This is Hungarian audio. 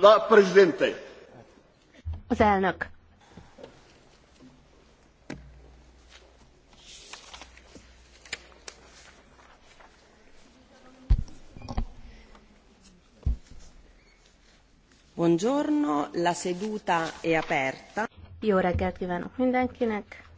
La Presidente. Az elnök. Buongiorno, la seduta è aperta. Jó reggelt kívánok mindenkinek!